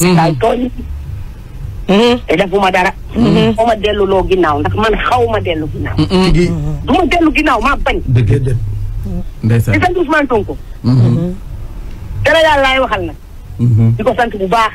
daay tooñ te defuma dara foo ma delluloo ginnaaw ndax man xaw ma dellu ginnaaw du ma dellu ginnaaw maa bañ dëgg ndeysaan di sant Ousmane Sonko tere yàlla laay waxal nag di ko sant bu